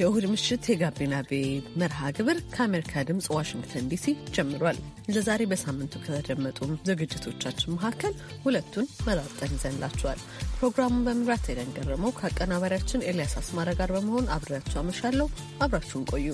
የእሁድ ምሽት የጋቢና ቤ መርሃ ግብር ከአሜሪካ ድምፅ ዋሽንግተን ዲሲ ጀምሯል። ለዛሬ በሳምንቱ ከተደመጡ ዝግጅቶቻችን መካከል ሁለቱን መራርጠን ይዘንላችኋል። ፕሮግራሙን በመምራት ኤደን ገረመው ከአቀናባሪያችን ኤልያስ አስማረ ጋር በመሆን አብሬያቸው አመሻለሁ። አብራችሁን ቆዩ።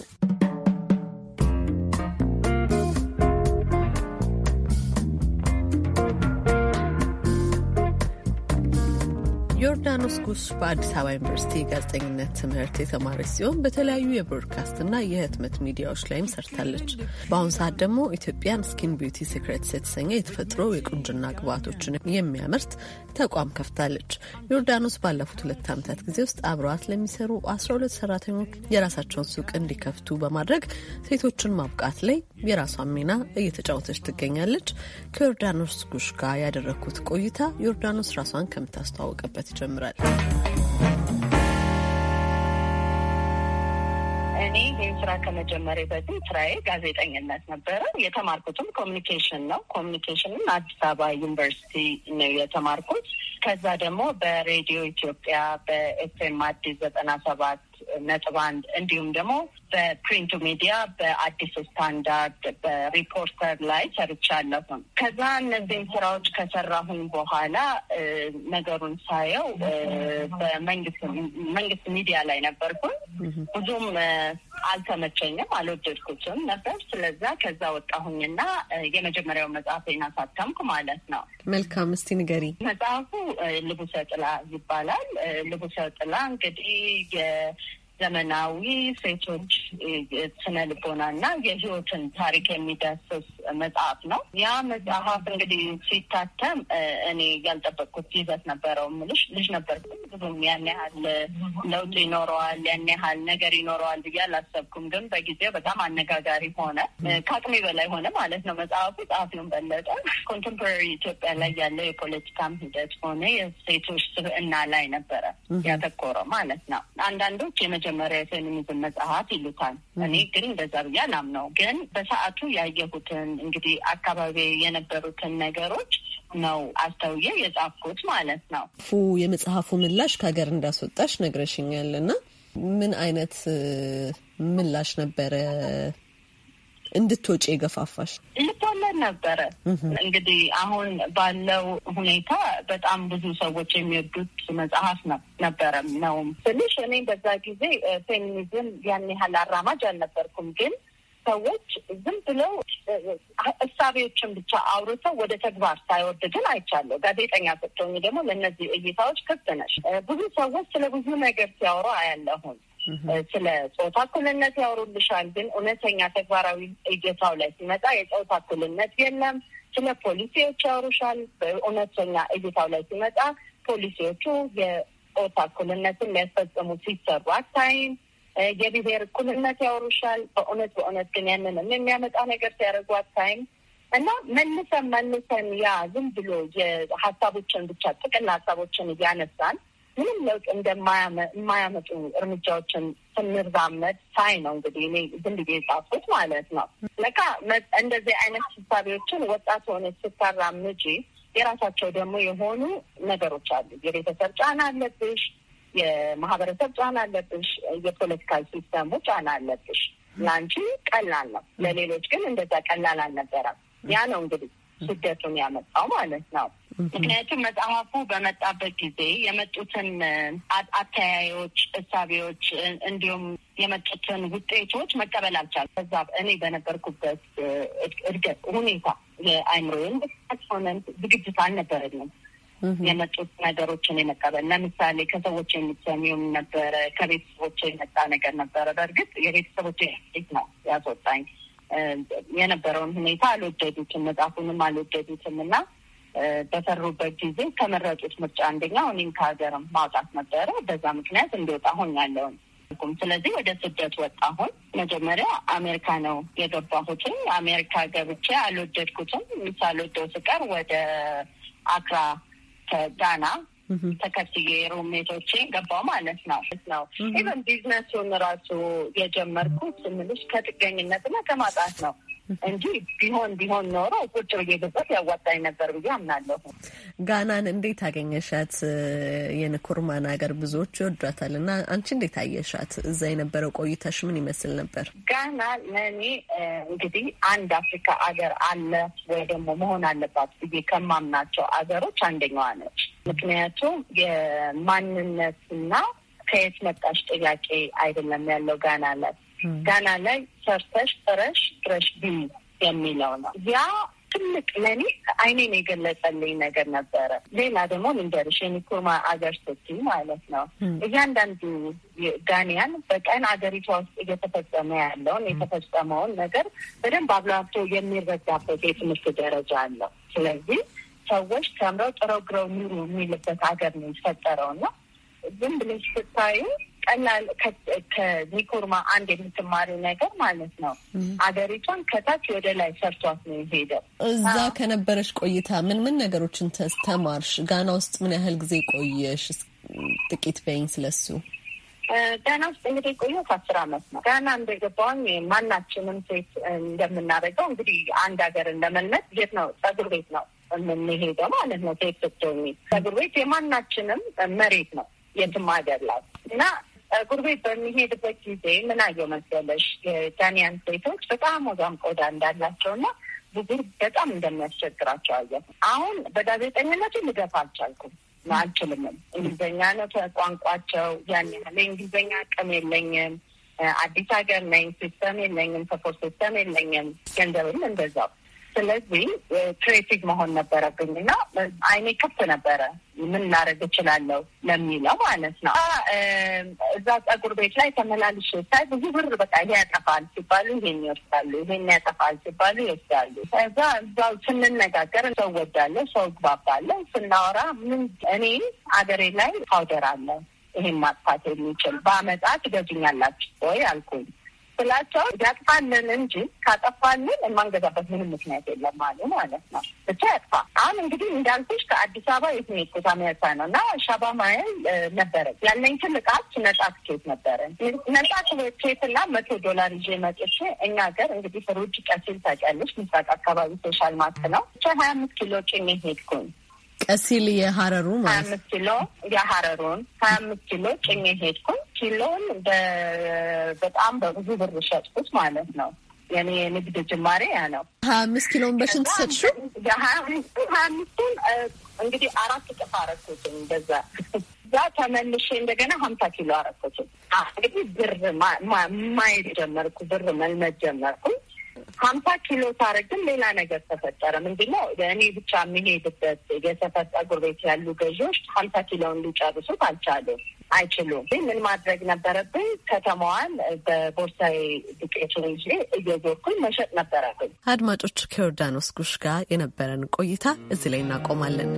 ዮርዳኖስ ጉስ በአዲስ አበባ ዩኒቨርሲቲ ጋዜጠኝነት ትምህርት የተማረች ሲሆን በተለያዩ የብሮድካስትና የህትመት ሚዲያዎች ላይም ሰርታለች። በአሁኑ ሰዓት ደግሞ ኢትዮጵያን ስኪን ቢዩቲ ሲክሬትስ የተሰኘ የተፈጥሮ የቁንጅና ግብዓቶችን የሚያመርት ተቋም ከፍታለች። ዮርዳኖስ ባለፉት ሁለት ዓመታት ጊዜ ውስጥ አብረዋት ለሚሰሩ 12 ሰራተኞች የራሳቸውን ሱቅ እንዲከፍቱ በማድረግ ሴቶችን ማብቃት ላይ የራሷን ሚና እየተጫወተች ትገኛለች። ከዮርዳኖስ ጉሽ ጋር ያደረግኩት ቆይታ ዮርዳኖስ ራሷን ከምታስተዋወቅበት ይጀምራል። እኔ ይህን ስራ ከመጀመሪያ በዚህ ስራዬ ጋዜጠኝነት ነበረ። የተማርኩትም ኮሚኒኬሽን ነው። ኮሚኒኬሽንን አዲስ አበባ ዩኒቨርሲቲ ነው የተማርኩት። ከዛ ደግሞ በሬዲዮ ኢትዮጵያ በኤፍኤም አዲስ ዘጠና ሰባት ነጥብ አንድ እንዲሁም ደግሞ በፕሪንቱ ሚዲያ በአዲሱ ስታንዳርድ በሪፖርተር ላይ ሰርቻለሁ። ከዛ እነዚህን ስራዎች ከሰራሁኝ በኋላ ነገሩን ሳየው በመንግስት ሚዲያ ላይ ነበርኩኝ። ብዙም አልተመቸኝም፣ አልወደድኩትም ነበር። ስለዛ ከዛ ወጣሁኝና የመጀመሪያው መጽሐፌን አሳተምኩ ማለት ነው። መልካም። እስቲ ንገሪ። መጽሐፉ ልቡሰ ጥላ ይባላል። ልቡሰ ጥላ እንግዲህ ዘመናዊ ሴቶች ስነ ልቦናና የህይወትን ታሪክ የሚዳስስ መጽሐፍ ነው። ያ መጽሐፍ እንግዲህ ሲታተም እኔ ያልጠበቅኩት ይዘት ነበረው። ምልሽ ልጅ ነበርኩም ብዙም ያን ያህል ለውጥ ይኖረዋል፣ ያን ያህል ነገር ይኖረዋል ብዬ አላሰብኩም። ግን በጊዜው በጣም አነጋጋሪ ሆነ፣ ከአቅሜ በላይ ሆነ ማለት ነው። መጽሐፉ ጸሐፊውን በለጠ ኮንቴምፖራሪ ኢትዮጵያ ላይ ያለው የፖለቲካም ሂደት ሆነ የሴቶች ስብዕና ላይ ነበረ ያተኮረው ማለት ነው። አንዳንዶች የመጀ የመጀመሪያ የፌሚኒዝም መጽሐፍ ይሉታል። እኔ ግን እንደዛ ብዬ አላምነው። ግን በሰዓቱ ያየሁትን እንግዲህ አካባቢ የነበሩትን ነገሮች ነው አስተውዬ የጻፍኩት ማለት ነው። ፉ የመጽሐፉ ምላሽ ከሀገር እንዳስወጣሽ ነግረሽኛል እና ምን አይነት ምላሽ ነበረ እንድትወጪ የገፋፋሽ? ልታለን ነበረ። እንግዲህ አሁን ባለው ሁኔታ በጣም ብዙ ሰዎች የሚወዱት መጽሐፍ ነበረም ነውም ስልሽ እኔ በዛ ጊዜ ፌሚኒዝም ያን ያህል አራማጅ አልነበርኩም ግን ሰዎች ዝም ብለው እሳቤዎችን ብቻ አውርተው ወደ ተግባር ሳይወርድ ግን አይቻለሁ። ጋዜጠኛ ስትሆኚ ደግሞ ለእነዚህ እይታዎች ክፍት ነሽ። ብዙ ሰዎች ስለ ብዙ ነገር ሲያወሩ አያለሁም። ስለ ጾታ እኩልነት ያወሩልሻል፣ ግን እውነተኛ ተግባራዊ እይታው ላይ ሲመጣ የጾታ እኩልነት የለም። ስለ ፖሊሲዎች ያወሩሻል፣ በእውነተኛ እይታው ላይ ሲመጣ ፖሊሲዎቹ የጾታ እኩልነትን ሊያስፈጽሙ ሲሰሩ አታይም። የብሔር እኩልነት ያወሩሻል፣ በእውነት በእውነት ግን ያንንም የሚያመጣ ነገር ሲያደርጉ አታይም። እና መልሰን መልሰን ያ ዝም ብሎ የሀሳቦችን ብቻ ጥቅል ሀሳቦችን እያነሳን ምንም ለውጥ እንደማያመጡ እርምጃዎችን ስንራመድ ሳይ ነው እንግዲህ እኔ ዝም ብዬ የጻፍኩት ማለት ነው። ለካ እንደዚህ አይነት ሀሳቢዎችን ወጣት ሆነ ስታራምጂ የራሳቸው ደግሞ የሆኑ ነገሮች አሉ። የቤተሰብ ጫና አለብሽ፣ የማህበረሰብ ጫና አለብሽ፣ የፖለቲካል ሲስተሙ ጫና አለብሽ። ለአንቺ ቀላል ነው፣ ለሌሎች ግን እንደዛ ቀላል አልነበረም። ያ ነው እንግዲህ ስደቱን ያመጣው ማለት ነው። ምክንያቱም መጽሐፉ በመጣበት ጊዜ የመጡትን አተያዮች፣ እሳቤዎች እንዲሁም የመጡትን ውጤቶች መቀበል አልቻልኩም። ከዛ እኔ በነበርኩበት እድገት ሁኔታ የአእምሮን ሆነን ዝግጅት አልነበረንም የመጡት ነገሮችን የመቀበል ለምሳሌ ከሰዎች የሚሰሚውም ነበረ። ከቤተሰቦች የመጣ ነገር ነበረ። በእርግጥ የቤተሰቦች ት ነው ያስወጣኝ። የነበረውን ሁኔታ አልወደዱትም፣ መጽሐፉንም አልወደዱትም እና በሰሩበት ጊዜ ከመረጡት ምርጫ አንደኛ እኔም ከሀገርም ማውጣት ነበረ። በዛ ምክንያት እንዲወጣ ያለውን ሆኛለሁኝ። ስለዚህ ወደ ስደት ወጣሁን። መጀመሪያ አሜሪካ ነው የገባሁትኝ። አሜሪካ ገብቼ አልወደድኩትም። ሳልወደው ስቀር ወደ አክራ ከጋና ተከትዬ ሩሜቶቼ ገባው ማለት ነው ነው ኢቨን ቢዝነሱን ራሱ የጀመርኩት ምልሽ ከጥገኝነትና ከማጣት ነው እንጂ ቢሆን ቢሆን ኖሮ ቁጭ ብዬ ግበት ያዋጣኝ ነበር ብዬ አምናለሁ። ጋናን እንዴት አገኘሻት? የንኩርማን ሀገር ብዙዎች ይወዷታል እና አንቺ እንዴት አየሻት? እዛ የነበረው ቆይታሽ ምን ይመስል ነበር? ጋና ለእኔ እንግዲህ አንድ አፍሪካ አገር አለ ወይ ደግሞ መሆን አለባት ብዬ ከማምናቸው አገሮች አንደኛዋ ነች። ምክንያቱም የማንነትና ከየት መጣሽ ጥያቄ አይደለም ያለው ጋና ላይ ጋና ላይ ሰርተሽ ጥረሽ ድረሽ ቢ የሚለው ነው። ያ ትልቅ ለእኔ አይኔን የገለጸልኝ ነገር ነበረ። ሌላ ደግሞ ልንገርሽ የኒኩርማ አገር ስቲ ማለት ነው እያንዳንዱ ጋንያን በቀን አገሪቷ ውስጥ እየተፈጸመ ያለውን የተፈጸመውን ነገር በደንብ አብላቶ የሚረዳበት የትምህርት ደረጃ አለው። ስለዚህ ሰዎች ተምረው ጥረው ግረው ኑሩ የሚልበት ሀገር ነው የተፈጠረው እና ዝም ብለሽ ስታዩ ቀላል ከኒኮርማ አንድ የምትማሪው ነገር ማለት ነው። አገሪቷን ከታች ወደ ላይ ሰርቷት ነው የሄደው። እዛ ከነበረሽ ቆይታ ምን ምን ነገሮችን ተማርሽ? ጋና ውስጥ ምን ያህል ጊዜ ቆየሽ? ጥቂት በይኝ ስለሱ። ጋና ውስጥ እንግዲህ የቆየሁት አስር አመት ነው። ጋና እንደገባሁኝ ማናችንም ሴት እንደምናደርገው እንግዲህ አንድ ሀገር እንደመልመት ቤት ነው ጸጉር ቤት ነው የምንሄደው ማለት ነው። ሴት ስትሆኚ ጸጉር ቤት የማናችንም መሬት ነው የትም ሀገር ላይ እና ጉር ቤት በሚሄድበት ጊዜ ምን አየው መሰለሽ የኬንያን ሴቶች በጣም ወዛም ቆዳ እንዳላቸው እና ብጉር በጣም እንደሚያስቸግራቸው አየሁ። አሁን በጋዜጠኝነቱ ልገፋ አልቻልኩም አልችልምም። እንግሊዝኛ ነው ቋንቋቸው። ያን ያህል እንግሊዝኛ አቅም የለኝም። አዲስ ሀገር ነኝ። ሲስተም የለኝም፣ ሰፖርት ሲስተም የለኝም። ገንዘብም እንደዛው ስለዚህ ክሬቲቭ መሆን ነበረብኝ እና አይኔ ክፍት ነበረ ምን ላደርግ እችላለሁ ለሚለው ማለት ነው። እዛ ጸጉር ቤት ላይ ተመላልሽ ሳይ ብዙ ብር በቃ ይሄ ያጠፋል ሲባሉ ይሄን ይወስዳሉ፣ ይሄን ያጠፋል ሲባሉ ይወስዳሉ። እዛ እዛው ስንነጋገር ሰው ወዳለሁ፣ ሰው ግባባለሁ፣ ስናወራ ምን እኔ አገሬ ላይ ፓውደር አለ ይሄን ማጥፋት የሚችል በአመጣ ትገዙኛላችሁ ወይ አልኩኝ። ስላቸው ያጥፋንን እንጂ ካጠፋንን የማንገዛበት ምንም ምክንያት የለም አሉ ማለት ነው። ብቻ ያጥፋ። አሁን እንግዲህ እንዳልኩሽ ከአዲስ አበባ የትሜት ቦታ መያሳ ነው እና ሻባ ማይል ነበረች ያለኝ ትልቃች ነጻ ትኬት ነበረ። ነጻ ትኬት እና መቶ ዶላር ይዤ መጥቼ እኛ ሀገር እንግዲህ ሩጭ ቀሲል ታውቂያለሽ፣ ምስራቅ አካባቢ ሶሻል ማርክ ነው። ብቻ ሀያ አምስት ኪሎ ጭሜ ሄድኩኝ። ቀሲል የሀረሩ ማለት ሀያ አምስት ኪሎ የሀረሩን ሀያ አምስት ኪሎ ጭኜ ሄድኩኝ። ኪሎን በጣም በብዙ ብር ሸጥኩት ማለት ነው። የኔ የንግድ ጅማሬ ያ ነው። ሀያ አምስት ኪሎን በሽንት ሰጥሹ? ሀያ አምስቱን እንግዲህ አራት እጥፍ አረኩትኝ በዛ እዛ ተመልሼ እንደገና ሀምሳ ኪሎ አረኩትኝ። እንግዲህ ብር ማየት ጀመርኩ፣ ብር መልመድ ጀመርኩ። ሀምሳ ኪሎ ሳረግ ግን ሌላ ነገር ተፈጠረ። ምንድነው እኔ ብቻ የሚሄድበት የሰፈር ጸጉር ቤት ያሉ ገዢዎች ሀምሳ ኪሎውን ሊጨርሱት አልቻሉም አይችሉም። ምን ማድረግ ነበረብኝ? ከተማዋን በቦርሳዊ ዱቄቱን ይዤ እየዞርኩኝ መሸጥ ነበረብኝ። አድማጮች ከዮርዳኖስ ጉሽ ጋር የነበረን ቆይታ እዚህ ላይ እናቆማለን።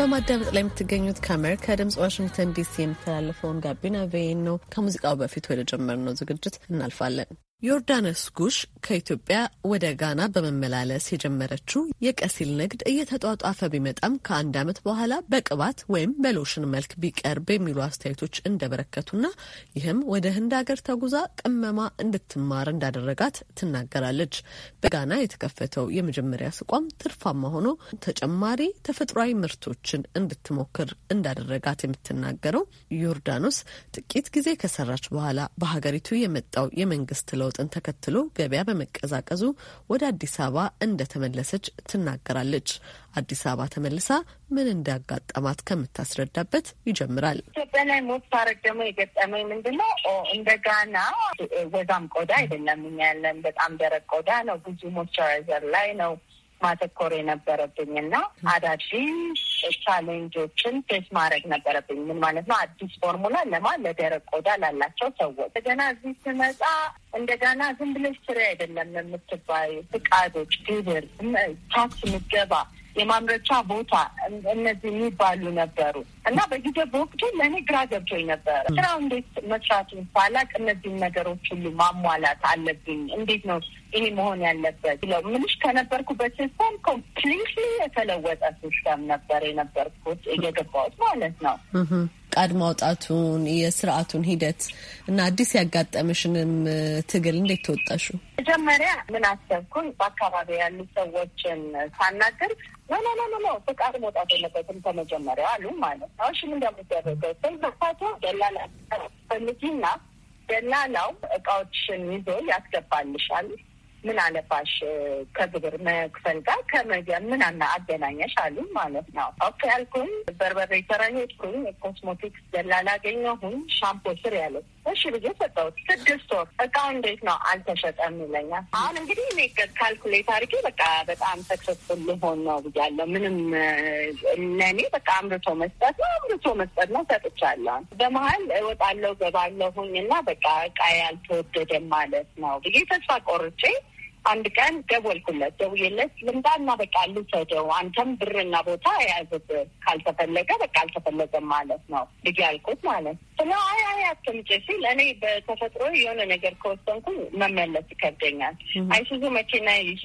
በማዳመጥ ላይ የምትገኙት ከአሜሪካ ድምጽ ዋሽንግተን ዲሲ የሚተላለፈውን ጋቢና ቬይን ነው። ከሙዚቃው በፊት ወደ ጀመርነው ዝግጅት እናልፋለን። ዮርዳኖስ ጉሽ ከኢትዮጵያ ወደ ጋና በመመላለስ የጀመረችው የቀሲል ንግድ እየተጧጧፈ ቢመጣም ከአንድ ዓመት በኋላ በቅባት ወይም በሎሽን መልክ ቢቀርብ የሚሉ አስተያየቶች እንደበረከቱና ይህም ወደ ህንድ ሀገር ተጉዛ ቅመማ እንድትማር እንዳደረጋት ትናገራለች። በጋና የተከፈተው የመጀመሪያ ስቋም ትርፋማ ሆኖ ተጨማሪ ተፈጥሯዊ ምርቶችን እንድትሞክር እንዳደረጋት የምትናገረው ዮርዳኖስ ጥቂት ጊዜ ከሰራች በኋላ በሀገሪቱ የመጣው የመንግስት ለው ለውጥን ተከትሎ ገበያ በመቀዛቀዙ ወደ አዲስ አበባ እንደተመለሰች ትናገራለች። አዲስ አበባ ተመልሳ ምን እንዳጋጠማት ከምታስረዳበት ይጀምራል። ኢትዮጵያ ላይ ሞት ሳረግ ደግሞ የገጠመኝ ነው? እንደ ጋና ወዛም ቆዳ አይደለም። እኛ ያለን በጣም ደረቅ ቆዳ ነው። ብዙ ሞይስቸራይዘር ላይ ነው ማተኮር የነበረብኝ እና አዳዲስ ቻሌንጆችን ፌስ ማድረግ ነበረብኝ። ምን ማለት ነው? አዲስ ፎርሙላ ለማ ለደረቅ ቆዳ ላላቸው ሰዎች እንደገና እዚህ ስመጣ እንደገና ዝም ብለሽ ስሬ አይደለም የምትባይ ፍቃዶች፣ ግብር፣ ታክስ፣ ምገባ፣ የማምረቻ ቦታ እነዚህ የሚባሉ ነበሩ። እና በጊዜው በወቅቱ ለእኔ ግራ ገብቶኝ ነበረ። ስራው እንዴት መስራቱን ባላቅ እነዚህን ነገሮች ሁሉ ማሟላት አለብኝ፣ እንዴት ነው ይሄ መሆን ያለበት ብለው ምንሽ ከነበርኩበት ሲስተም ኮምፕሊትሊ የተለወጠ ሲስተም ነበር የነበርኩት እየገባሁት ማለት ነው። ፈቃድ ማውጣቱን የስርዓቱን ሂደት እና አዲስ ያጋጠመሽንም ትግል እንዴት ተወጠሹ? መጀመሪያ ምን አሰብኩኝ? በአካባቢ ያሉ ሰዎችን ሳናገር ኖ ኖ ኖ ኖ ፈቃድ መውጣት የለበትም ከመጀመሪያ አሉ ማለት አሁን ሽምንዳ የሚደረገው በመፋቶ ደላላ ፈልጊና ደላላው እቃዎችን ይዞ ያስገባልሻል ምን አለፋሽ ከግብር መክፈል ጋር ከመዲያ ምን አና አገናኘሽ አሉ ማለት ነው። ኦኬ አልኩኝ። በርበሬ ተራ ሄድኩኝ። ኮስሞቲክስ ደላላ አገኘሁኝ። ሻምፖ ስር ያለ እሺ ብዬ ሰጠሁት። ስድስት ወር እቃ እንዴት ነው አልተሸጠም ይለኛል። አሁን እንግዲህ እኔ ካልኩሌት አድርጌ በቃ በጣም ሰክሰስፉል ልሆን ነው ብያለሁ። ምንም ለእኔ በቃ አምርቶ መስጠት ነው አምርቶ መስጠት ነው ሰጥቻለሁ። በመሀል እወጣለሁ ገባለሁኝ እና በቃ እቃ ያልተወደደ ማለት ነው ብዬ ተስፋ ቆርጬ አንድ ቀን ደወልኩለት። ደውዬለት እና በቃ ልውሰደው አንተም ብርና ቦታ የያዘብ ካልተፈለገ በቃ አልተፈለገም ማለት ነው ልጅ ያልኩት ማለት ስለ አይ አይ አትምጪ ሲል እኔ በተፈጥሮ የሆነ ነገር ከወሰንኩ መመለስ ይከብደኛል። አይሱዙ መኪና ይዤ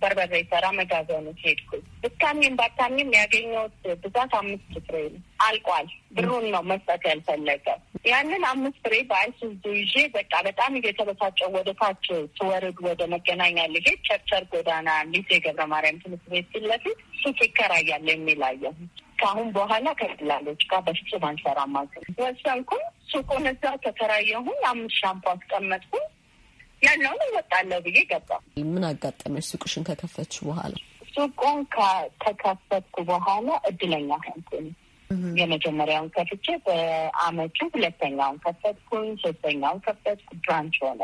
በርበሬ ሰራ መጋዘኑ ሄድኩ። ብታሚም ባታሚም ያገኘሁት ብዛት አምስት ፍሬ ነው። አልቋል። ብሩን ነው መስጠት ያልፈለገ። ያንን አምስት ፍሬ በአይሱዙ ይዤ በቃ በጣም እየተበሳጨው ወደ ታች ስወርድ ወደ መገናኛ ልሄድ ቸርቸር ጎዳና ሊሴ ገብረ ማርያም ትምህርት ቤት ፊት ለፊት ሱቅ ይከራያል የሚል አየሁ። ከአሁን በኋላ ከደላሎች ጋር በፍጹም አንሰራም አልኩኝ። ወሰንኩኝ። ሱቁን እዛ ተከራየሁኝ። አምስት ሻምፖ አስቀመጥኩኝ። ያለውን እወጣለሁ ብዬ ገባ። ምን አጋጠመች? ሱቁሽን ከከፈች በኋላ ሱቁን ከከፈትኩ በኋላ እድለኛ ሆንኩኝ። የመጀመሪያውን ከፍቼ በአመቱ ሁለተኛውን ከፈትኩኝ፣ ሶስተኛውን ከፈትኩ። ብራንች ሆነ።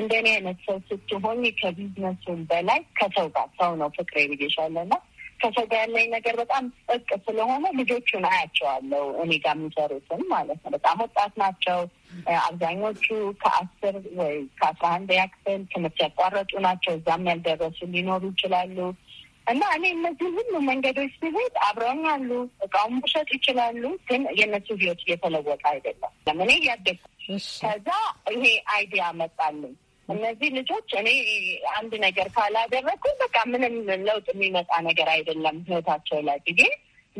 እንደኔ አይነት ሰው ስትሆኝ ከቢዝነሱን በላይ ከሰው ጋር ሰው ነው ፍቅሬ ብዬሻለሁ ከሰው ጋር ያለኝ ነገር በጣም ጥቅ ስለሆነ ልጆቹን አያቸዋለሁ እኔ ጋር የሚሰሩትን ማለት ነው። በጣም ወጣት ናቸው። አብዛኞቹ ከአስር ወይ ከአስራ አንድ ያክፍል ትምህርት ያቋረጡ ናቸው። እዛም ያልደረሱ ሊኖሩ ይችላሉ። እና እኔ እነዚህ ሁሉ መንገዶች ሲሄድ አብረውኝ አሉ። እቃውን መሸጥ ይችላሉ፣ ግን የእነሱ ህይወት እየተለወጠ አይደለም። ለምን እያደኩ ከዛ ይሄ አይዲያ መጣልኝ። እነዚህ ልጆች እኔ አንድ ነገር ካላደረግኩ በቃ ምንም ለውጥ የሚመጣ ነገር አይደለም ህይወታቸው ላይ ብዬ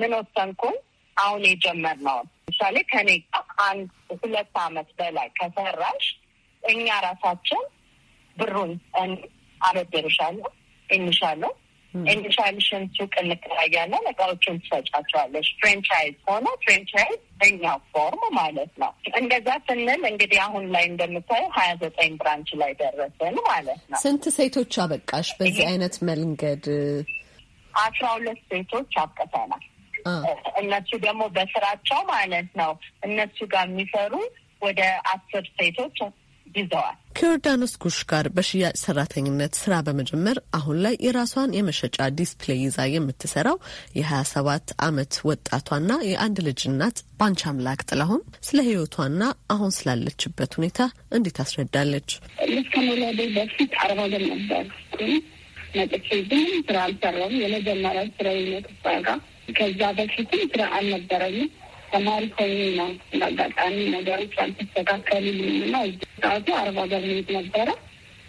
ምን ወሰንኩ። አሁን የጀመርነውን ምሳሌ ከኔ አንድ ሁለት አመት በላይ ከሰራሽ እኛ ራሳችን ብሩን አበደርሻለሁ እንሻለሁ ኤንሻልሽን ሱቅ እንከራያለን፣ እቃዎችን ትሰጫቸዋለሽ። ፍሬንቻይዝ ሆነ ፍሬንቻይዝ በኛ ፎርም ማለት ነው። እንደዛ ስንል እንግዲህ አሁን ላይ እንደምታየው ሀያ ዘጠኝ ብራንች ላይ ደረስን ማለት ነው። ስንት ሴቶች አበቃሽ በዚህ አይነት መንገድ? አስራ ሁለት ሴቶች አብቅተናል። እነሱ ደግሞ በስራቸው ማለት ነው እነሱ ጋር የሚሰሩ ወደ አስር ሴቶች ይዘዋል። ከዮርዳኖስ ጉሽ ጋር በሽያጭ ሰራተኝነት ስራ በመጀመር አሁን ላይ የራሷን የመሸጫ ዲስፕሌይ ይዛ የምትሰራው የሀያ ሰባት አመት ወጣቷና የአንድ ልጅ እናት ባንቻ አምላክ ጥላሁን ስለ ህይወቷና አሁን ስላለችበት ሁኔታ እንዴት አስረዳለች። ልስከ መውለዴ በፊት አርባ ገር ነበር መጥቼ ግን ስራ አልሰራም። የመጀመሪያ ስራ ከዛ በፊትም ስራ አልነበረኝም ተማሪ ከኝ ነው አጋጣሚ ነገሮች አልተስተካከሉልኝም እና ሰዓቱ አርባ ሀገር መሄድ ነበረ።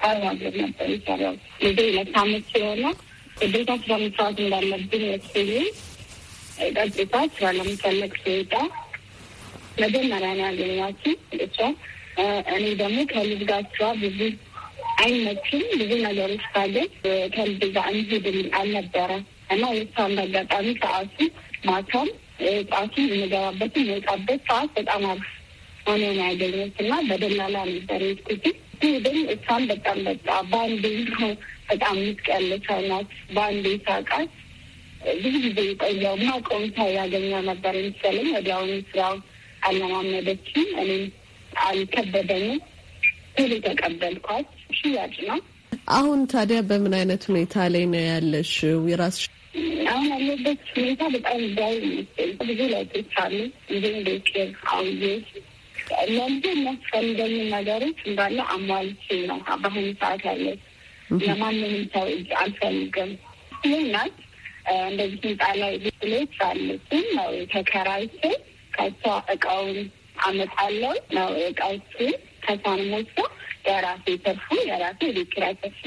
አርባ ሀገር ነበር ይሰራው ልጄ ሁለት አመት ግዴታ ስራ መስራት እንዳለብኝ ወስኜ ቀጥታ ስራ ለመፈለግ ስወጣ መጀመሪያ ነው ያገኘኋቸው እሷ። እኔ ደግሞ ከልጅ ጋቸዋ ብዙ አይመችም ብዙ ነገሮች ካለ ከልጅ ጋር እንሂድ አልነበረ እና የእሷ እንዳጋጣሚ ሰዓቱ ማታም ሰዓቱ የምገባበት የምወጣበት ሰዓት በጣም አሪፍ ሆነ ነው ያገኘሁት እና በደላላ ነበር የሄድኩት። ግን እሷም በጣም በቃ በአንዴ ነው በጣም ምትቀለች ናት። በአንዴ ሳቃት ብዙ ጊዜ ይቆያው ማቆም ሰው ያገኛ ነበር መሰለኝ። ወዲያውኑ ስራው አለማመደችም፣ እኔም አልከበደኝም። ቶሎ ተቀበልኳት። ሽያጭ ነው። አሁን ታዲያ በምን አይነት ሁኔታ ላይ ነው ያለሽው? የራስሽ አሁን ያለበት ሁኔታ በጣም ዳይ ብዙ ለውጦች አሉ። እንዲሁም ቤቄር አውዬ ለልጆ የሚያስፈልገኝ ነገሮች እንዳለ አሟልቼ ነው በአሁኑ ሰዓት ያለ ለማንንም ሰው እጅ አልፈልግም ይህናት እንደዚህ ህንጻ ላይ ብሎች አሉትን ነው ተከራይቼ ከሷ እቃውን አመጣለው ነው እቃዎቹ ሞቶ የራሴ ተርፉ የራሴ ቤኪራ ተርፍ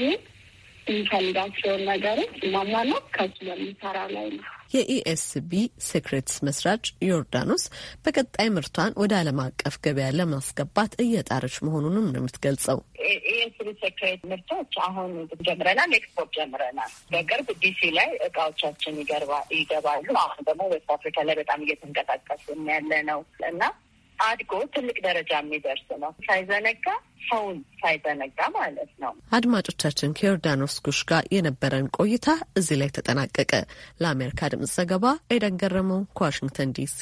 የሚፈልጋቸውን ነገሮች ማሟላት ከሱ በሚሰራ ላይ ነው። የኢኤስቢ ሴክሬትስ መስራች ዮርዳኖስ በቀጣይ ምርቷን ወደ ዓለም አቀፍ ገበያ ለማስገባት እየጣረች መሆኑንም ነው የምትገልጸው። ኢኤስቢ ሴክሬት ምርቶች አሁን ጀምረናል፣ ኤክስፖርት ጀምረናል። በቅርብ ዲሲ ላይ እቃዎቻችን ይገባሉ። አሁን ደግሞ ዌስት አፍሪካ ላይ በጣም እየተንቀሳቀስ ያለ ነው እና አድጎ ትልቅ ደረጃ የሚደርስ ነው። ሳይዘነጋ ሰውን ሳይዘነጋ ማለት ነው። አድማጮቻችን ከዮርዳኖስ ጉሽ ጋር የነበረን ቆይታ እዚህ ላይ ተጠናቀቀ። ለአሜሪካ ድምጽ ዘገባ ኤደን ገረመው ከዋሽንግተን ዲሲ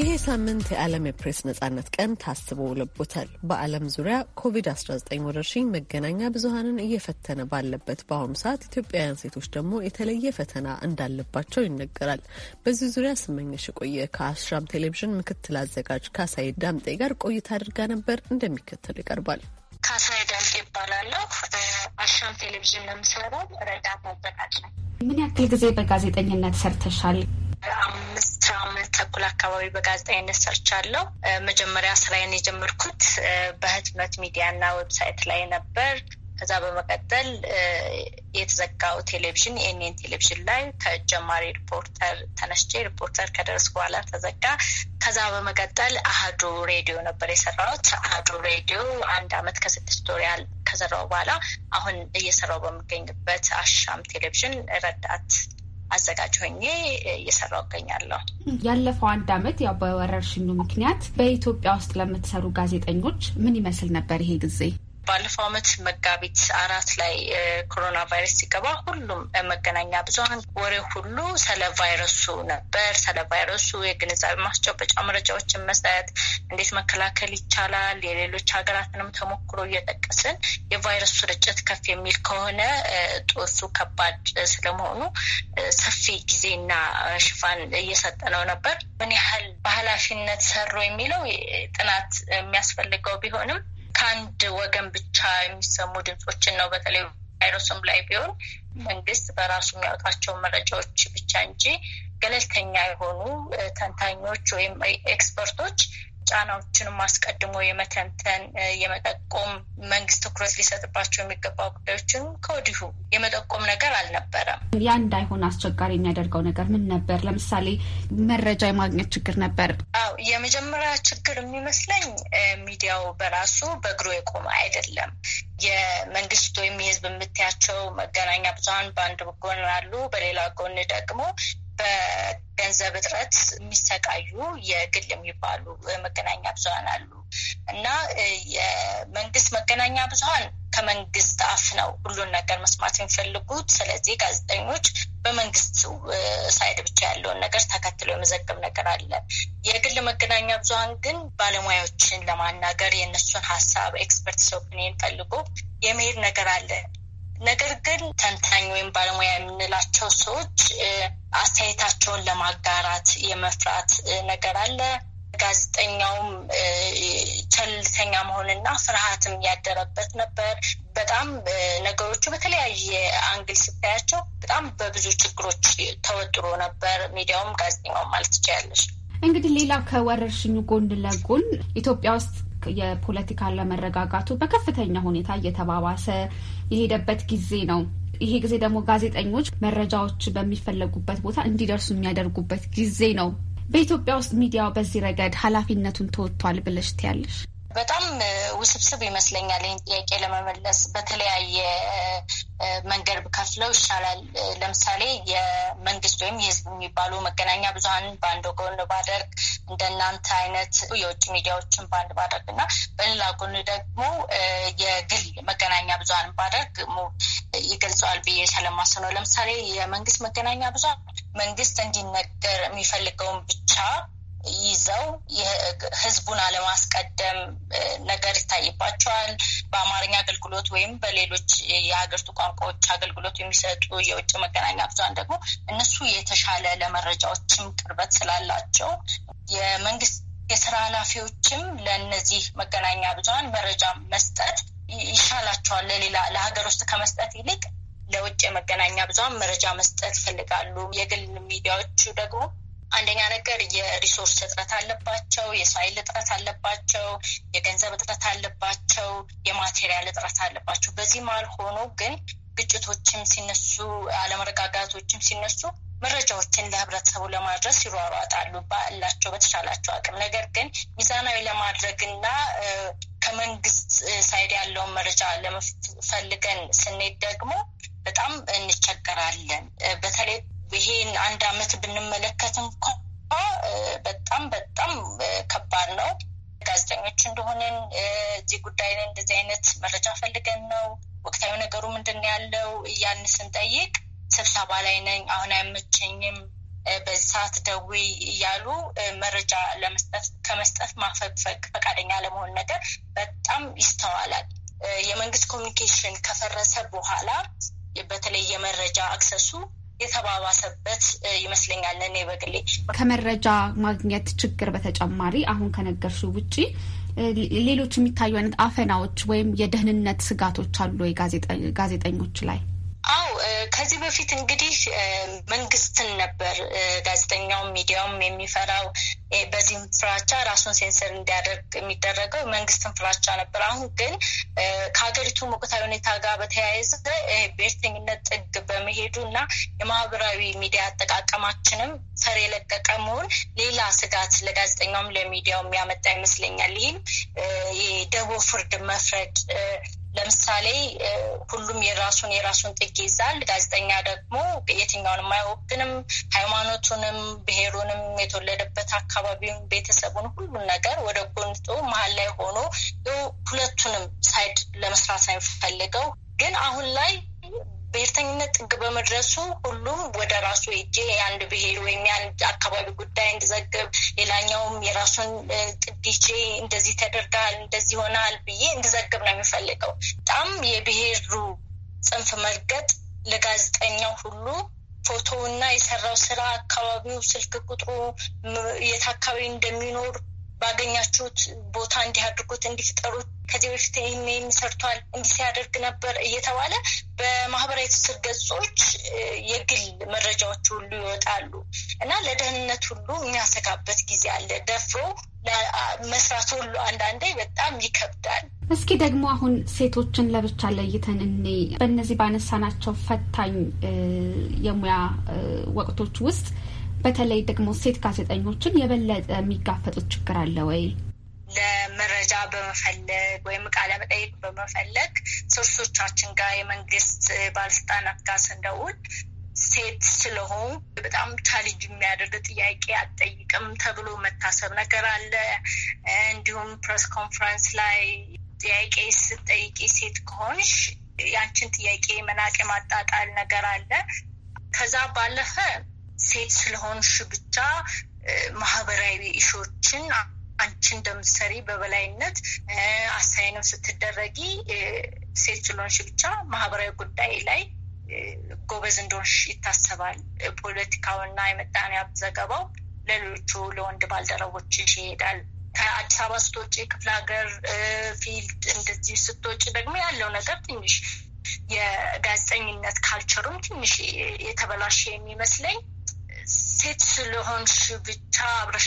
ይሄ ሳምንት የዓለም የፕሬስ ነጻነት ቀን ታስቦ ውሎበታል። በዓለም ዙሪያ ኮቪድ-19 ወረርሽኝ መገናኛ ብዙሀንን እየፈተነ ባለበት በአሁኑ ሰዓት ኢትዮጵያውያን ሴቶች ደግሞ የተለየ ፈተና እንዳለባቸው ይነገራል። በዚህ ዙሪያ ስመኝሽ የቆየ ከአሻም ቴሌቪዥን ምክትል አዘጋጅ ካሳይ ዳምጤ ጋር ቆይታ አድርጋ ነበር። እንደሚከተል ይቀርባል። ካሳይ ዳምጤ ይባላለሁ። አሻም ቴሌቪዥን ለምሰራው ረዳት አዘጋጅ ነው። ምን ያክል ጊዜ በጋዜጠኝነት ሰርተሻል? አምስት አመት ተኩል አካባቢ በጋዜጠኝነት ሰርቻለሁ። መጀመሪያ ስራዬን የጀመርኩት በህትመት ሚዲያ እና ዌብሳይት ላይ ነበር። ከዛ በመቀጠል የተዘጋው ቴሌቪዥን የኔን ቴሌቪዥን ላይ ከጀማሪ ሪፖርተር ተነስቼ ሪፖርተር ከደረስ በኋላ ተዘጋ። ከዛ በመቀጠል አህዱ ሬዲዮ ነበር የሰራሁት። አህዱ ሬዲዮ አንድ አመት ከስድስት ወር ያህል ከሰራው በኋላ አሁን እየሰራው በሚገኝበት አሻም ቴሌቪዥን ረዳት አዘጋጅ ሆኜ እየሰራው እገኛለሁ። ያለፈው አንድ አመት ያው በወረርሽኙ ምክንያት በኢትዮጵያ ውስጥ ለምትሰሩ ጋዜጠኞች ምን ይመስል ነበር ይሄ ጊዜ? ባለፈው ዓመት መጋቢት አራት ላይ ኮሮና ቫይረስ ሲገባ ሁሉም መገናኛ ብዙሀን ወሬ ሁሉ ስለ ቫይረሱ ነበር። ስለ ቫይረሱ የግንዛቤ ማስጨበጫ መረጃዎችን መስጠት፣ እንዴት መከላከል ይቻላል፣ የሌሎች ሀገራትንም ተሞክሮ እየጠቀስን የቫይረሱ ስርጭት ከፍ የሚል ከሆነ ጦሱ ከባድ ስለመሆኑ ሰፊ ጊዜና ሽፋን እየሰጠ ነው ነበር። ምን ያህል በኃላፊነት ሰሩ የሚለው ጥናት የሚያስፈልገው ቢሆንም ከአንድ ወገን ብቻ የሚሰሙ ድምፆችን ነው። በተለይ ቫይረሱም ላይ ቢሆን መንግስት በራሱ የሚያወጣቸው መረጃዎች ብቻ እንጂ ገለልተኛ የሆኑ ተንታኞች ወይም ኤክስፐርቶች ጫናዎችንም አስቀድሞ የመተንተን የመጠቆም መንግስት ትኩረት ሊሰጥባቸው የሚገባ ጉዳዮችን ከወዲሁ የመጠቆም ነገር አልነበረም። ያ እንዳይሆን አስቸጋሪ የሚያደርገው ነገር ምን ነበር? ለምሳሌ መረጃ የማግኘት ችግር ነበር። አዎ የመጀመሪያ ችግር የሚመስለኝ ሚዲያው በራሱ በእግሮ የቆመ አይደለም። የመንግስት ወይም የህዝብ የምታያቸው መገናኛ ብዙሀን በአንድ ጎን አሉ፣ በሌላ ጎን ደግሞ በገንዘብ እጥረት የሚሰቃዩ የግል የሚባሉ መገናኛ ብዙሀን አሉ እና የመንግስት መገናኛ ብዙሀን ከመንግስት አፍ ነው ሁሉን ነገር መስማት የሚፈልጉት። ስለዚህ ጋዜጠኞች በመንግስት ሳይድ ብቻ ያለውን ነገር ተከትሎ የመዘገብ ነገር አለ። የግል መገናኛ ብዙሀን ግን ባለሙያዎችን ለማናገር የእነሱን ሀሳብ ኤክስፐርት ኦፒኒየን ፈልጎ የመሄድ ነገር አለ። ነገር ግን ተንታኝ ወይም ባለሙያ የምንላቸው ሰዎች አስተያየታቸውን ለማጋራት የመፍራት ነገር አለ። ጋዜጠኛውም ቸልተኛ መሆንና ፍርሃትም ያደረበት ነበር። በጣም ነገሮቹ በተለያየ አንግል ስታያቸው በጣም በብዙ ችግሮች ተወጥሮ ነበር። ሚዲያውም ጋዜጠኛውም ማለት ትችላለች። እንግዲህ ሌላ ከወረርሽኙ ጎን ለጎን ኢትዮጵያ ውስጥ የፖለቲካ አለመረጋጋቱ በከፍተኛ ሁኔታ እየተባባሰ የሄደበት ጊዜ ነው። ይሄ ጊዜ ደግሞ ጋዜጠኞች መረጃዎች በሚፈለጉበት ቦታ እንዲደርሱ የሚያደርጉበት ጊዜ ነው። በኢትዮጵያ ውስጥ ሚዲያው በዚህ ረገድ ኃላፊነቱን ተወጥቷል ብለሽ ትያለሽ? በጣም ውስብስብ ይመስለኛል። ይህን ጥያቄ ለመመለስ በተለያየ መንገድ ከፍለው ይሻላል። ለምሳሌ የመንግስት ወይም የህዝብ የሚባሉ መገናኛ ብዙሀን በአንድ ጎን ባደርግ እንደናንተ አይነት የውጭ ሚዲያዎችን በአንድ ባደርግ እና በሌላ ጎን ደግሞ የግል መገናኛ ብዙሀን ባደርግ ይገልጸዋል ብዬ ስለማስብ ነው። ለምሳሌ የመንግስት መገናኛ ብዙሀን መንግስት እንዲነገር የሚፈልገውን ብቻ ይዘው ህዝቡን አለማስቀደም ነገር ይታይባቸዋል። በአማርኛ አገልግሎት ወይም በሌሎች የሀገሪቱ ቋንቋዎች አገልግሎት የሚሰጡ የውጭ መገናኛ ብዙሃን ደግሞ እነሱ የተሻለ ለመረጃዎችም ቅርበት ስላላቸው የመንግስት የስራ ኃላፊዎችም ለእነዚህ መገናኛ ብዙሃን መረጃ መስጠት ይሻላቸዋል። ለሌላ ለሀገር ውስጥ ከመስጠት ይልቅ ለውጭ የመገናኛ ብዙሃን መረጃ መስጠት ይፈልጋሉ። የግል ሚዲያዎቹ ደግሞ አንደኛ ነገር የሪሶርስ እጥረት አለባቸው፣ የሳይል እጥረት አለባቸው፣ የገንዘብ እጥረት አለባቸው፣ የማቴሪያል እጥረት አለባቸው። በዚህ መሀል ሆኖ ግን ግጭቶችም ሲነሱ፣ አለመረጋጋቶችም ሲነሱ መረጃዎችን ለህብረተሰቡ ለማድረስ ይሯሯጣሉ ባላቸው በተሻላቸው አቅም። ነገር ግን ሚዛናዊ ለማድረግና ከመንግስት ሳይድ ያለውን መረጃ ለመፈልገን ስንሄድ ደግሞ በጣም እንቸገራለን። በተለይ ይሄን አንድ አመት ብንመለከት እንኳ በጣም በጣም ከባድ ነው። ጋዜጠኞች እንደሆነን እዚህ ጉዳይ እንደዚህ አይነት መረጃ ፈልገን ነው ወቅታዊ ነገሩ ምንድን ነው ያለው እያን ስንጠይቅ ስብሰባ ላይ ነኝ፣ አሁን አይመቸኝም፣ በዚህ ሰዓት ደውይ እያሉ መረጃ ለመስጠት ከመስጠት ማፈግፈግ፣ ፈቃደኛ ለመሆን ነገር በጣም ይስተዋላል። የመንግስት ኮሚኒኬሽን ከፈረሰ በኋላ በተለይ የመረጃ አክሰሱ የተባባሰበት ይመስለኛል። እኔ በግሌ ከመረጃ ማግኘት ችግር በተጨማሪ አሁን ከነገርሽ ውጪ ሌሎች የሚታዩ አይነት አፈናዎች ወይም የደህንነት ስጋቶች አሉ ወይ ጋዜጠኞች ላይ? አው ከዚህ በፊት እንግዲህ መንግስትን ነበር ጋዜጠኛውም ሚዲያውም የሚፈራው። በዚህም ፍራቻ ራሱን ሴንሰር እንዲያደርግ የሚደረገው መንግስትን ፍራቻ ነበር። አሁን ግን ከሀገሪቱ ወቅታዊ ሁኔታ ጋር በተያያዘ ብሔርተኝነት ጥግ በመሄዱ እና የማህበራዊ ሚዲያ አጠቃቀማችንም ፈር የለቀቀ መሆን ሌላ ስጋት ለጋዜጠኛውም ለሚዲያው የሚያመጣ ይመስለኛል። ይህም የደቦ ፍርድ መፍረድ ለምሳሌ ሁሉም የራሱን የራሱን ጥግ ይዛል። ጋዜጠኛ ደግሞ የትኛውንም አይወግንም፣ ሃይማኖቱንም፣ ብሔሩንም፣ የተወለደበት አካባቢውን፣ ቤተሰቡን፣ ሁሉን ነገር ወደ ጎንጦ መሀል ላይ ሆኖ ሁለቱንም ሳይድ ለመስራት አይፈልገው ግን አሁን ላይ ብሔርተኝነት ጥግ በመድረሱ ሁሉም ወደ ራሱ ሄጄ የአንድ ብሔር ወይም የአንድ አካባቢ ጉዳይ እንድዘግብ፣ ሌላኛውም የራሱን ጥግ እንደዚህ ተደርጋል እንደዚህ ይሆናል ብዬ እንድዘግብ ነው የሚፈልገው። በጣም የብሔሩ ጽንፍ መርገጥ ለጋዜጠኛው ሁሉ ፎቶውና የሰራው ስራ፣ አካባቢው፣ ስልክ ቁጥሩ፣ የት አካባቢ እንደሚኖር ባገኛችሁት ቦታ እንዲያድርጉት አድርጉት፣ ከዚህ በፊት ይህም ይህም ሰርቷል፣ እንዲህ ሲያደርግ ነበር እየተባለ በማህበራዊ ትስስር ገጾች የግል መረጃዎች ሁሉ ይወጣሉ እና ለደህንነት ሁሉ የሚያሰጋበት ጊዜ አለ። ደፍሮ መስራት ሁሉ አንዳንዴ በጣም ይከብዳል። እስኪ ደግሞ አሁን ሴቶችን ለብቻ ለይተን እኔ በእነዚህ ባነሳናቸው ፈታኝ የሙያ ወቅቶች ውስጥ በተለይ ደግሞ ሴት ጋዜጠኞችን የበለጠ የሚጋፈጡት ችግር አለ ወይ? ለመረጃ በመፈለግ ወይም ቃለ መጠይቅ በመፈለግ ሶርሶቻችን ጋር የመንግስት ባለስልጣናት ጋር ስንደውል ሴት ስለሆኑ በጣም ቻሌንጅ የሚያደርግ ጥያቄ አጠይቅም ተብሎ መታሰብ ነገር አለ። እንዲሁም ፕሬስ ኮንፈረንስ ላይ ጥያቄ ስጠይቂ ሴት ከሆንሽ ያንችን ጥያቄ መናቅ ማጣጣል ነገር አለ። ከዛ ባለፈ ሴት ስለሆንሽ ብቻ ማህበራዊ እሾችን አንቺ እንደምትሰሪ በበላይነት አሳይንም ስትደረጊ ሴት ስለሆንሽ ብቻ ማህበራዊ ጉዳይ ላይ ጎበዝ እንደሆንሽ ይታሰባል። ፖለቲካውና የምጣኔ ሀብት ዘገባው ለሌሎቹ ለወንድ ባልደረቦች ይሄዳል። ከአዲስ አበባ ስትወጪ ክፍለ ሀገር ፊልድ እንደዚህ ስትወጪ ደግሞ ያለው ነገር ትንሽ የጋዜጠኝነት ካልቸሩም ትንሽ የተበላሸ የሚመስለኝ ሴት ስለሆንሽ ብቻ አብረሽ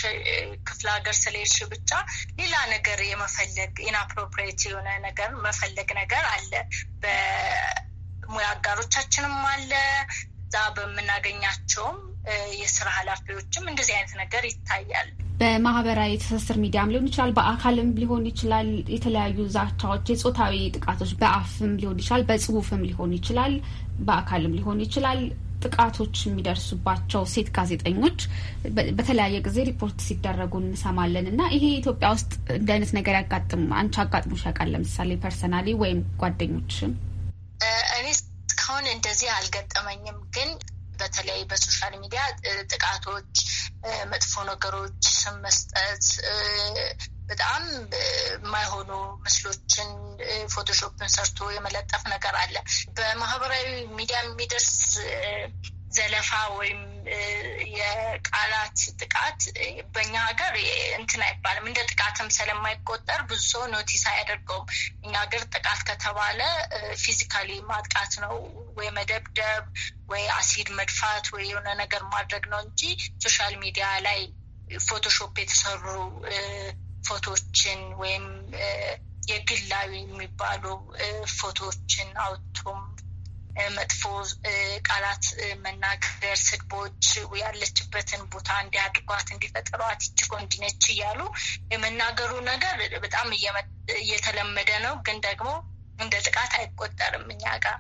ክፍለ ሀገር ስለሄድሽ ብቻ ሌላ ነገር የመፈለግ ኢንአፕሮፕሬት የሆነ ነገር መፈለግ ነገር አለ። በሙያ አጋሮቻችንም አለ እዛ በምናገኛቸውም የስራ ኃላፊዎችም እንደዚህ አይነት ነገር ይታያል። በማህበራዊ ትስስር ሚዲያም ሊሆን ይችላል፣ በአካልም ሊሆን ይችላል። የተለያዩ ዛቻዎች፣ የጾታዊ ጥቃቶች በአፍም ሊሆን ይችላል፣ በጽሁፍም ሊሆን ይችላል፣ በአካልም ሊሆን ይችላል። ጥቃቶች የሚደርሱባቸው ሴት ጋዜጠኞች በተለያየ ጊዜ ሪፖርት ሲደረጉ እንሰማለን እና ይሄ ኢትዮጵያ ውስጥ እንዲህ አይነት ነገር ያጋጥም አንቺ አጋጥሞሽ ያውቃል? ለምሳሌ ፐርሰናሊ ወይም ጓደኞችም? እኔ እስካሁን እንደዚህ አልገጠመኝም ግን በተለይ በሶሻል ሚዲያ ጥቃቶች፣ መጥፎ ነገሮች፣ ስም መስጠት በጣም የማይሆኑ ምስሎችን ፎቶሾፕን ሰርቶ የመለጠፍ ነገር አለ። በማህበራዊ ሚዲያ የሚደርስ ዘለፋ ወይም የቃላት ጥቃት በኛ ሀገር እንትን አይባልም። እንደ ጥቃትም ስለማይቆጠር ብዙ ሰው ኖቲስ አያደርገውም። እኛ ሀገር ጥቃት ከተባለ ፊዚካሊ ማጥቃት ነው ወይ መደብደብ፣ ወይ አሲድ መድፋት፣ ወይ የሆነ ነገር ማድረግ ነው እንጂ ሶሻል ሚዲያ ላይ ፎቶሾፕ የተሰሩ ፎቶዎችን ወይም የግላዊ የሚባሉ ፎቶዎችን አውቶም መጥፎ ቃላት መናገር፣ ስድቦች ያለችበትን ቦታ እንዲያድርጓት እንዲፈጥሯት እች እንዲነች እያሉ የመናገሩ ነገር በጣም እየተለመደ ነው። ግን ደግሞ እንደ ጥቃት አይቆጠርም እኛ ጋር።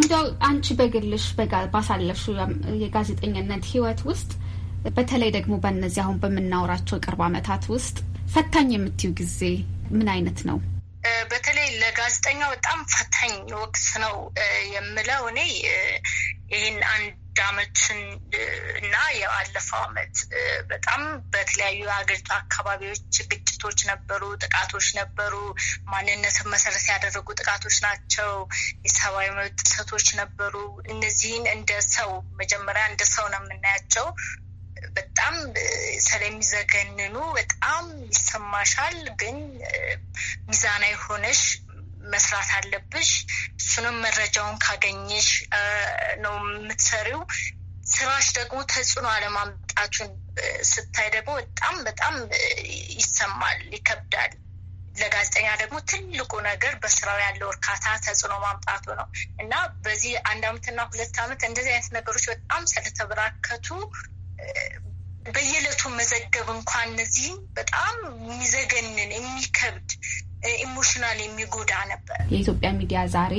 እንዲያው አንቺ በግልሽ ባሳለፍሽው የጋዜጠኝነት ህይወት ውስጥ በተለይ ደግሞ በእነዚህ አሁን በምናወራቸው ቅርብ ዓመታት ውስጥ ፈታኝ የምትዩ ጊዜ ምን አይነት ነው? በተለይ ለጋዜጠኛ በጣም ፈታኝ ወቅት ነው የምለው እኔ ይህን አንድ አመትን እና የባለፈው አመት በጣም በተለያዩ የሀገሪቱ አካባቢዎች ግጭቶች ነበሩ፣ ጥቃቶች ነበሩ። ማንነትን መሰረት ያደረጉ ጥቃቶች ናቸው። የሰብአዊ መብት ጥሰቶች ነበሩ። እነዚህን እንደ ሰው መጀመሪያ እንደ ሰው ነው የምናያቸው። በጣም ስለሚዘገንኑ በጣም ይሰማሻል፣ ግን ሚዛናዊ ሆነሽ መስራት አለብሽ። እሱንም መረጃውን ካገኘሽ ነው የምትሰሪው። ስራሽ ደግሞ ተጽዕኖ አለማምጣቱን ስታይ ደግሞ በጣም በጣም ይሰማል፣ ይከብዳል። ለጋዜጠኛ ደግሞ ትልቁ ነገር በስራው ያለው እርካታ ተጽዕኖ ማምጣቱ ነው እና በዚህ አንድ አመትና ሁለት አመት እንደዚህ አይነት ነገሮች በጣም ስለተበራከቱ በየዕለቱ መዘገብ እንኳን እነዚህም በጣም የሚዘገንን የሚከብድ ኢሞሽናል የሚጎዳ ነበር። የኢትዮጵያ ሚዲያ ዛሬ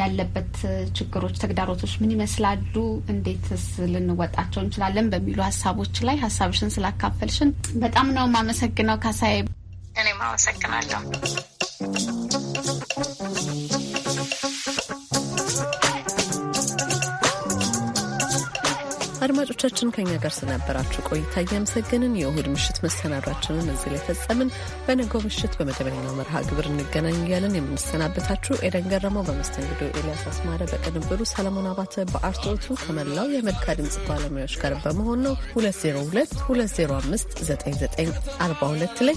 ያለበት ችግሮች፣ ተግዳሮቶች ምን ይመስላሉ? እንዴትስ ልንወጣቸው እንችላለን? በሚሉ ሀሳቦች ላይ ሀሳብሽን ስላካፈልሽን በጣም ነው የማመሰግነው ካሳዬ። እኔም አመሰግናለሁ። አድማጮቻችን ከኛ ጋር ስለነበራችሁ ቆይታ እያመሰገንን የእሁድ ምሽት መሰናዷችንን እዚህ ላይ ፈጸምን። በነገው ምሽት በመደበኛው መርሃ ግብር እንገናኝ እያለን የምንሰናበታችሁ ኤደን ገረመው በመስተንግዶ፣ ኤልያስ አስማረ በቅንብሩ፣ ሰለሞን አባተ በአርቶቱ ከመላው የአሜሪካ ድምጽ ባለሙያዎች ጋር በመሆን ነው 202 205 2022059942 ላይ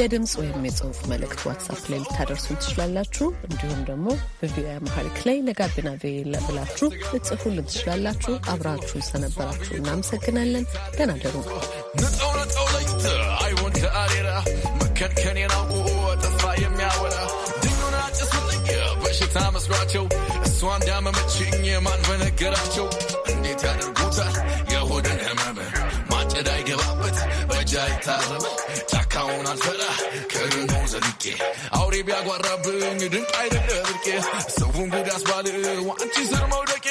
የድምፅ ወይም የጽሁፍ መልእክት ዋትሳፕ ላይ ልታደርሱን ትችላላችሁ። እንዲሁም ደግሞ በቪኦኤ አማሪክ ላይ ለጋቢና ቪ ብላችሁ ልጽፉልን ትችላላችሁ። አብራችሁን ስለነበራችሁ እናመሰግናለን። ደህና ደሩ። በሽታ መስሏቸው እሷ እንዳመመችኝ ማን በነገራቸው እንዴት ያደርጉታል የሆድን ህመም ማጨድ አይገባበት አይታረም ጫካውን አልፈራ ከግንቦን ዘልቄ አውሬ ቢያጓራብኝ ድንቅ አይደለ ብርቄ ሰውን ጉድ አስባል አንቺ ስር መውደቄ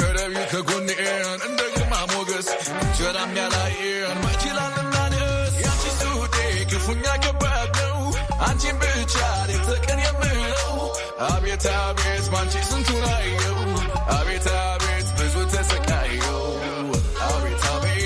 ቀረቢ ከጎኔን እንደ ግርማ ሞገስ እንጀራም ያላየን መችላልናንስ ያንቺ ሱጤ ክፉኛ ከባድ ነው አንቺን ብቻ ሌተቀን የምለው አቤት አቤት ባንቺ ስንቱን አየው አቤት አቤት